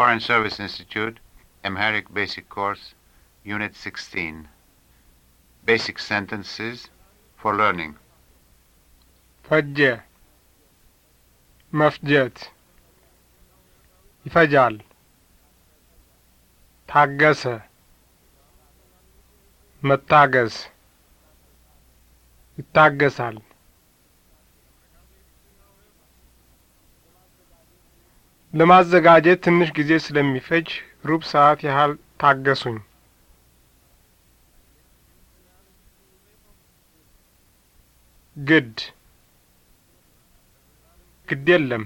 Foreign Service Institute, Amharic Basic Course, Unit 16. Basic Sentences for Learning. Fajja. مفجت ifajal, ታገሰ መታገስ itagasal. ለማዘጋጀት ትንሽ ጊዜ ስለሚፈጅ ሩብ ሰዓት ያህል ታገሱኝ። ግድ ግድ የለም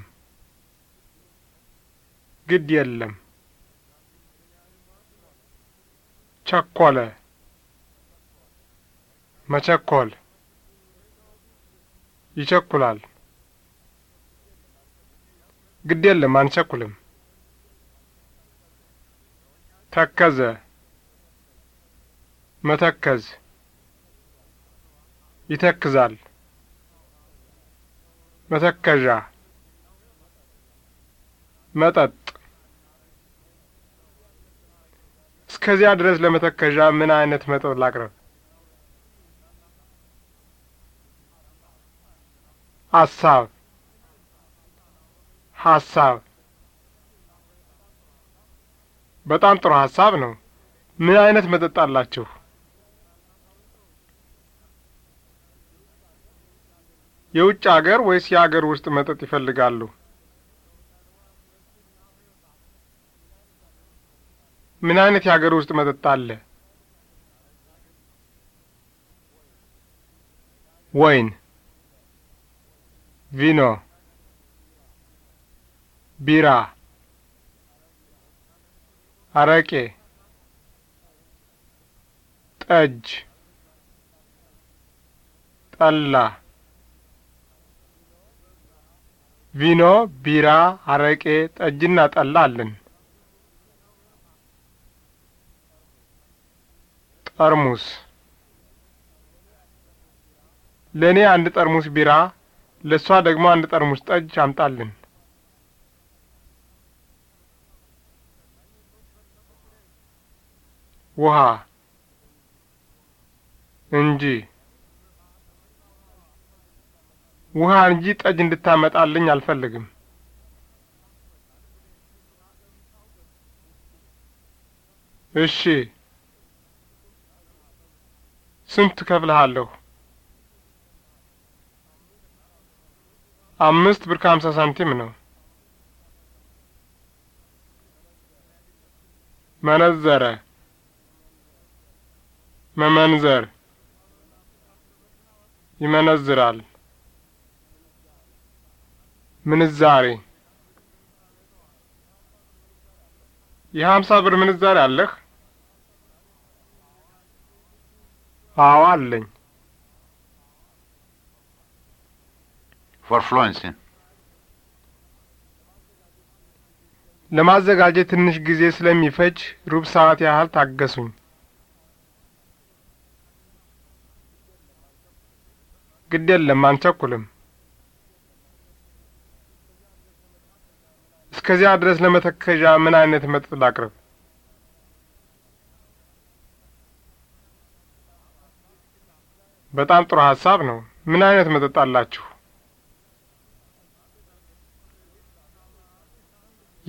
ግድ የለም። ቸኮለ መቸኮል ይቸኩላል። ግድ የለም አንቸኩልም። ተከዘ መተከዝ ይተክዛል። መተከዣ መጠጥ እስከዚያ ድረስ ለመተከዣ ምን አይነት መጠጥ ላቅርብ? አሳብ ሀሳብ በጣም ጥሩ ሀሳብ ነው። ምን አይነት መጠጥ አላችሁ? የውጭ አገር ወይስ የአገር ውስጥ መጠጥ ይፈልጋሉ? ምን አይነት የአገር ውስጥ መጠጥ አለ? ወይን፣ ቪኖ ቢራ አረቄ ጠጅ ጠላ ቪኖ ቢራ አረቄ ጠጅና ጠላ አለን። ጠርሙስ ለእኔ አንድ ጠርሙስ ቢራ ለእሷ ደግሞ አንድ ጠርሙስ ጠጅ አምጣልን። ውሃ እንጂ ውሃ እንጂ ጠጅ እንድታመጣልኝ አልፈልግም። እሺ፣ ስንት ከፍልሃለሁ? አምስት ብር ከሀምሳ ሳንቲም ነው። መነዘረ መመንዘር ይመነዝራል። ምንዛሬ የሀምሳ ብር ምንዛሬ አለህ? አዎ አለኝ። ፎርፍሎንስን ለማዘጋጀት ትንሽ ጊዜ ስለሚፈጅ ሩብ ሰዓት ያህል ታገሱኝ። ግድ የለም አንቸኩልም። እስከዚያ ድረስ ለመተከዣ ምን አይነት መጠጥ ላቅርብ? በጣም ጥሩ ሀሳብ ነው። ምን አይነት መጠጥ አላችሁ?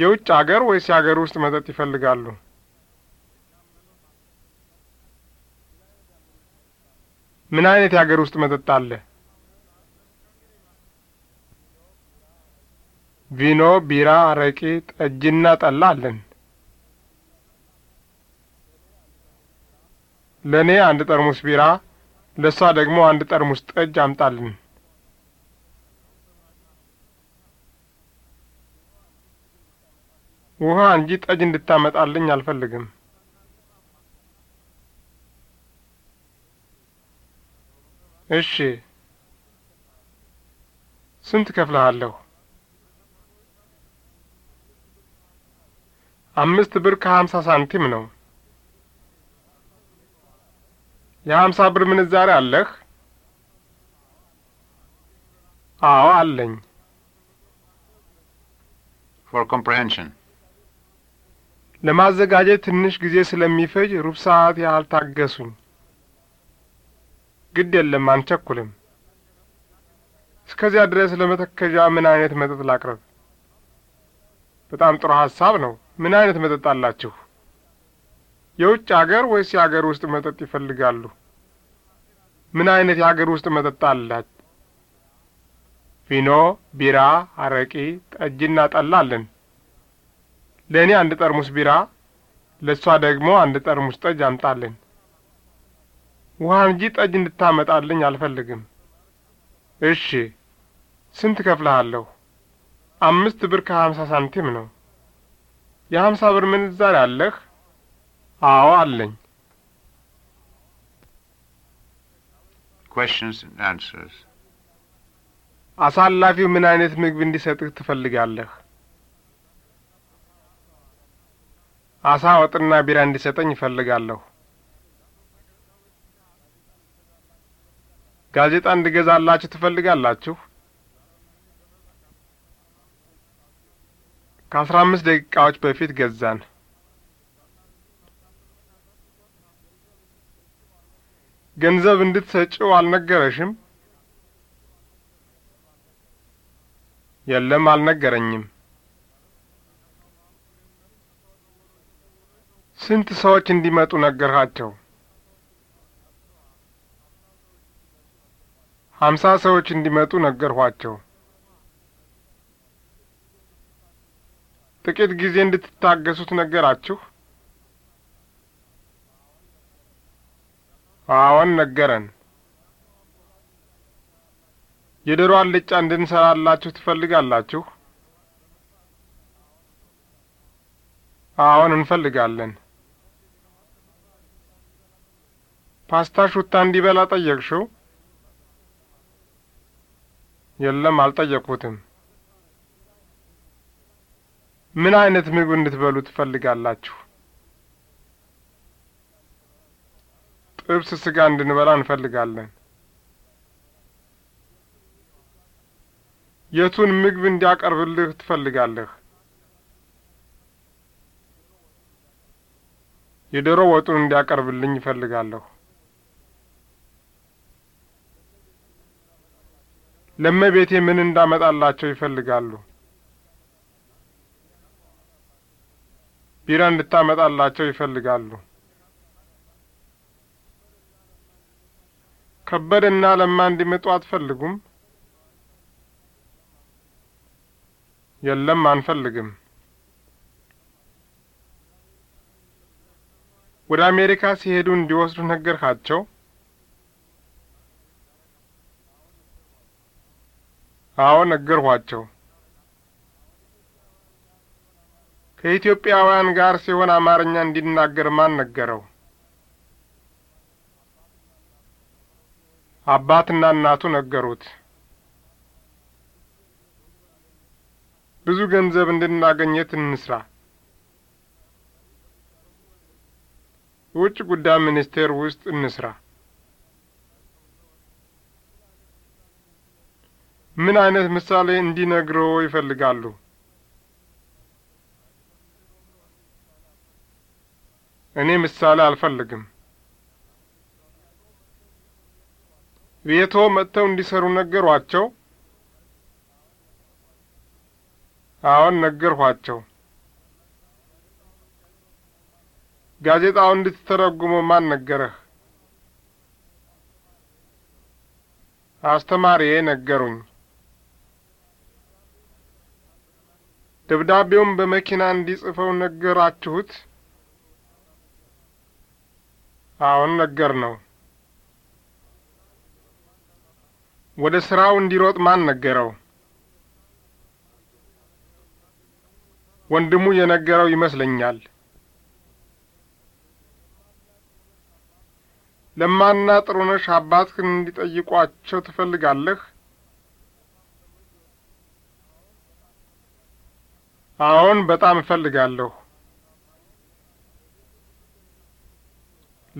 የውጭ አገር ወይስ የአገር ውስጥ መጠጥ ይፈልጋሉ? ምን አይነት የአገር ውስጥ መጠጥ አለ? ቪኖ፣ ቢራ፣ አረቄ፣ ጠጅና ጠላ አለን። ለእኔ አንድ ጠርሙስ ቢራ፣ ለእሷ ደግሞ አንድ ጠርሙስ ጠጅ አምጣልን። ውሃ እንጂ ጠጅ እንድታመጣልኝ አልፈልግም። እሺ፣ ስንት ከፍልሃለሁ? አምስት ብር ከሀምሳ ሳንቲም ነው። የሀምሳ ብር ምንዛሪ አለህ? አዎ አለኝ። ፎር ኮምፕሬንሽን ለማዘጋጀት ትንሽ ጊዜ ስለሚፈጅ ሩብ ሰዓት ያህል ታገሱኝ። ግድ የለም አንቸኩልም። እስከዚያ ድረስ ለመተከዣ ምን አይነት መጠጥ ላቅርብ? በጣም ጥሩ ሀሳብ ነው። ምን አይነት መጠጥ አላችሁ? የውጭ አገር ወይስ የአገር ውስጥ መጠጥ ይፈልጋሉ? ምን አይነት የአገር ውስጥ መጠጥ አላት? ቪኖ፣ ቢራ፣ አረቂ፣ ጠጅና ጠላ አለን። ለእኔ አንድ ጠርሙስ ቢራ፣ ለእሷ ደግሞ አንድ ጠርሙስ ጠጅ አምጣልን። ውሃ እንጂ ጠጅ እንድታመጣልኝ አልፈልግም። እሺ፣ ስንት ከፍልሃለሁ? አምስት ብር ከሀምሳ ሳንቲም ነው። የሀምሳ ብር ምንዛሪ አለህ? አዎ አለኝ። questions and answers አሳላፊው ምን አይነት ምግብ እንዲሰጥህ ትፈልጋለህ? አሳ ወጥና ቢራ እንዲሰጠኝ እፈልጋለሁ። ጋዜጣ እንድገዛላችሁ ትፈልጋላችሁ? ከአስራ አምስት ደቂቃዎች በፊት ገዛን። ገንዘብ እንድትሰጪው አልነገረሽም? የለም፣ አልነገረኝም። ስንት ሰዎች እንዲመጡ ነገርኋቸው? ሀምሳ ሰዎች እንዲመጡ ነገርኋቸው። ጥቂት ጊዜ እንድትታገሱት ነገራችሁ? አዎን ነገረን። የዶሮ አልጫ እንድንሰራላችሁ ትፈልጋላችሁ? አዎን እንፈልጋለን። ፓስታ ሹታ እንዲበላ ጠየቅሽው? የለም አልጠየቁትም። ምን አይነት ምግብ እንድትበሉ ትፈልጋላችሁ? ጥብስ ስጋ እንድንበላ እንፈልጋለን። የቱን ምግብ እንዲያቀርብልህ ትፈልጋለህ? የዶሮ ወጡን እንዲያቀርብልኝ እፈልጋለሁ። ለመቤቴ ምን እንዳመጣላቸው ይፈልጋሉ? ቢራ እንድታመጣላቸው ይፈልጋሉ። ከበደና ለማ እንዲመጡ አትፈልጉም? የለም፣ አንፈልግም። ወደ አሜሪካ ሲሄዱ እንዲወስዱ ነገርካቸው? አዎ፣ ነገርኋቸው። ከኢትዮጵያውያን ጋር ሲሆን አማርኛ እንዲናገር ማን ነገረው? አባትና እናቱ ነገሩት። ብዙ ገንዘብ እንድናገኘት እንስራ። ውጭ ጉዳይ ሚኒስቴር ውስጥ እንስራ። ምን አይነት ምሳሌ እንዲነግረው ይፈልጋሉ? እኔ ምሳሌ አልፈልግም። ቤቶ መጥተው እንዲሰሩ ነገሯቸው? አዎን ነገርኋቸው። ጋዜጣው እንድትተረጉመው ማን ነገረህ? አስተማሪዬ ነገሩኝ። ደብዳቤውን በመኪና እንዲጽፈው ነገራችሁት? አሁን ነገር ነው። ወደ ስራው እንዲሮጥ ማን ነገረው? ወንድሙ የነገረው ይመስለኛል። ለማና ጥሩነሽ አባትህን እንዲጠይቋቸው ትፈልጋለህ? አዎን፣ በጣም እፈልጋለሁ።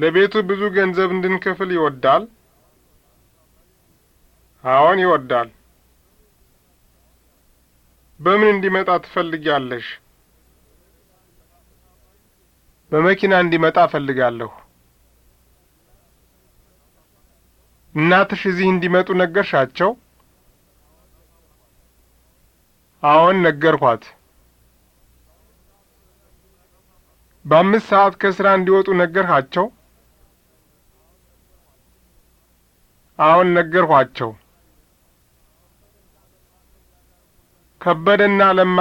ለቤቱ ብዙ ገንዘብ እንድንከፍል ይወዳል? አዎን ይወዳል። በምን እንዲመጣ ትፈልጊያለሽ? በመኪና እንዲመጣ እፈልጋለሁ። እናትሽ እዚህ እንዲመጡ ነገርሻቸው? አዎን ነገርኳት። በአምስት ሰዓት ከስራ እንዲወጡ ነገርሃቸው? አሁን ነገርኋቸው። ከበደና ለማ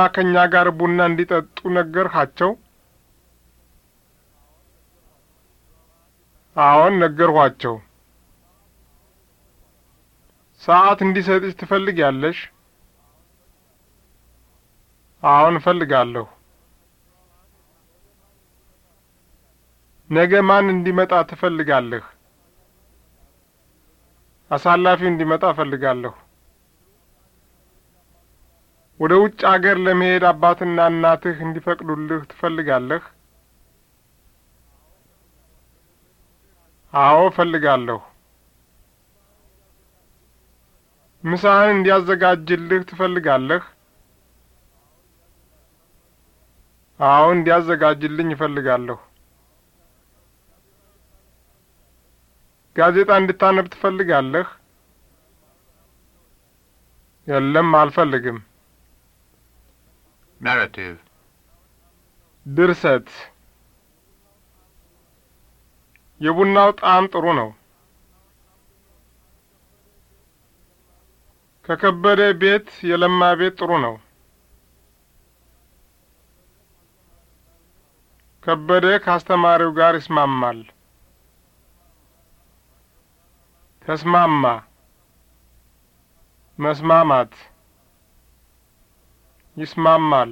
ጋር ቡና እንዲጠጡ ነገርኋቸው? አዎን ነገርኋቸው። ሰዓት እንዲሰጥሽ ትፈልጊያለሽ? አዎን እፈልጋለሁ። ነገ ማን እንዲመጣ ትፈልጋለህ? አሳላፊ እንዲመጣ እፈልጋለሁ። ወደ ውጭ አገር ለመሄድ አባትና እናትህ እንዲፈቅዱልህ ትፈልጋለህ? አዎ እፈልጋለሁ። ምሳህን እንዲያዘጋጅልህ ትፈልጋለህ? አዎ እንዲያዘጋጅልኝ እፈልጋለሁ። ጋዜጣ እንድታነብ ትፈልጋለህ? የለም አልፈልግም። ናራቲቭ ድርሰት የቡናው ጣዕም ጥሩ ነው። ከከበደ ቤት የለማ ቤት ጥሩ ነው። ከበደ ከአስተማሪው ጋር ይስማማል። ተስማማ መስማማት ይስማማል።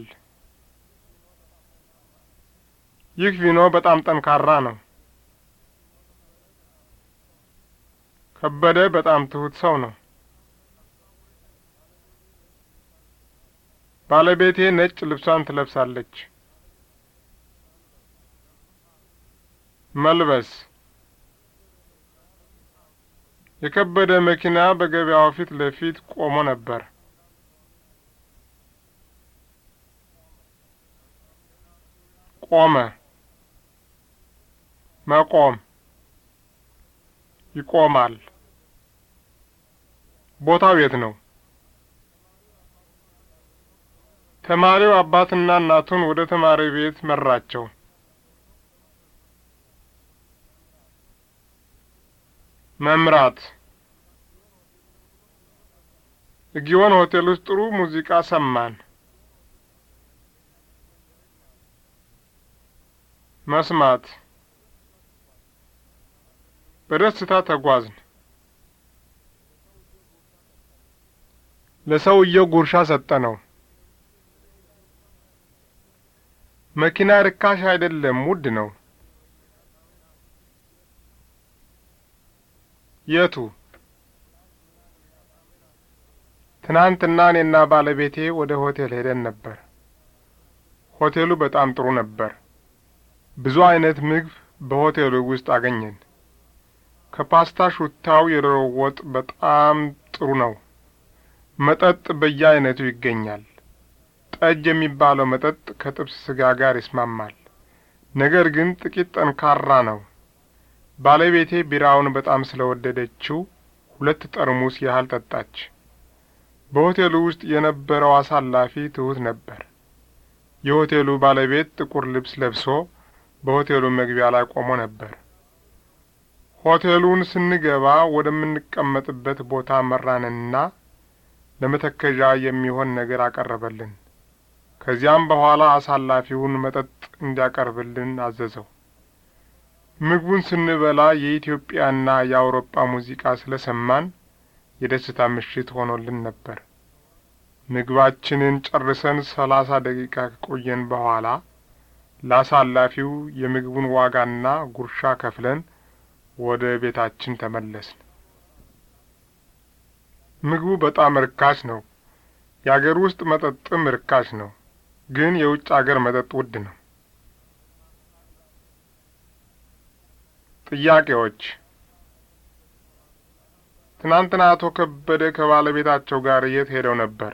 ይህ ቪኖ በጣም ጠንካራ ነው። ከበደ በጣም ትሁት ሰው ነው። ባለቤቴ ነጭ ልብሷን ትለብሳለች። መልበስ የከበደ መኪና በገበያው ፊት ለፊት ቆሞ ነበር። ቆመ፣ መቆም፣ ይቆማል። ቦታው የት ነው? ተማሪው አባትና እናቱን ወደ ተማሪ ቤት መራቸው። መምራት ጊዮን ሆቴል ውስጥ ጥሩ ሙዚቃ ሰማን። መስማት በደስታ ተጓዝን። ለሰውየው ጉርሻ ሰጠነው። መኪና ርካሽ አይደለም፣ ውድ ነው። የቱ? ትናንትና እኔና ባለቤቴ ወደ ሆቴል ሄደን ነበር። ሆቴሉ በጣም ጥሩ ነበር። ብዙ አይነት ምግብ በሆቴሉ ውስጥ አገኘን። ከፓስታ ሹታው የዶሮ ወጥ በጣም ጥሩ ነው። መጠጥ በየአይነቱ ይገኛል። ጠጅ የሚባለው መጠጥ ከጥብስ ስጋ ጋር ይስማማል። ነገር ግን ጥቂት ጠንካራ ነው። ባለቤቴ ቢራውን በጣም ስለወደደችው ሁለት ጠርሙስ ያህል ጠጣች። በሆቴሉ ውስጥ የነበረው አሳላፊ ትሑት ነበር። የሆቴሉ ባለቤት ጥቁር ልብስ ለብሶ በሆቴሉ መግቢያ ላይ ቆሞ ነበር። ሆቴሉን ስንገባ ወደምንቀመጥበት ቦታ መራንና ለመተከዣ የሚሆን ነገር አቀረበልን። ከዚያም በኋላ አሳላፊውን መጠጥ እንዲያቀርብልን አዘዘው። ምግቡን ስንበላ የኢትዮጵያና የአውሮፓ ሙዚቃ ስለሰማን የደስታ ምሽት ሆኖልን ነበር። ምግባችንን ጨርሰን ሰላሳ ደቂቃ ከቆየን በኋላ ላሳላፊው የምግቡን ዋጋና ጉርሻ ከፍለን ወደ ቤታችን ተመለስን። ምግቡ በጣም ርካሽ ነው። የአገር ውስጥ መጠጥም ርካሽ ነው፣ ግን የውጭ አገር መጠጥ ውድ ነው። ጥያቄዎች ትናንትና አቶ ከበደ ከባለቤታቸው ጋር የት ሄደው ነበር?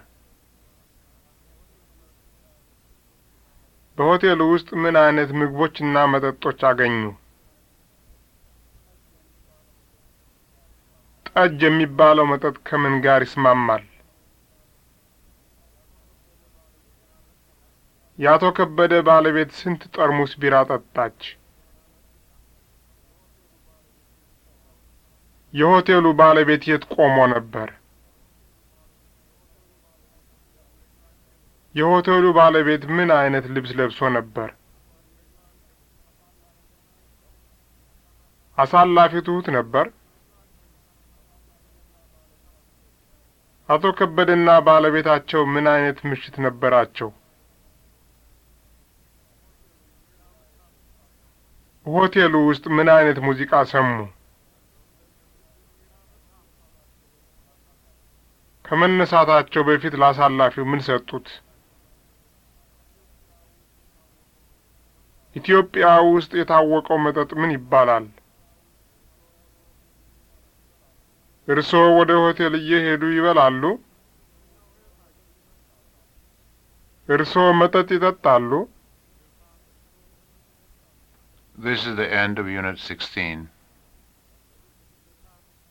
በሆቴሉ ውስጥ ምን አይነት ምግቦችና መጠጦች አገኙ? ጠጅ የሚባለው መጠጥ ከምን ጋር ይስማማል? የአቶ ከበደ ባለቤት ስንት ጠርሙስ ቢራ ጠጣች? የሆቴሉ ባለቤት የት ቆሞ ነበር? የሆቴሉ ባለቤት ምን አይነት ልብስ ለብሶ ነበር? አሳላፊ ትሁት ነበር? አቶ ከበደና ባለቤታቸው ምን አይነት ምሽት ነበራቸው? ሆቴሉ ውስጥ ምን አይነት ሙዚቃ ሰሙ? ከመነሳታቸው በፊት ላሳላፊው ምን ሰጡት? ኢትዮጵያ ውስጥ የታወቀው መጠጥ ምን ይባላል? እርስዎ ወደ ሆቴል እየሄዱ ይበላሉ? እርስዎ መጠጥ ይጠጣሉ? This is the end of Unit 16.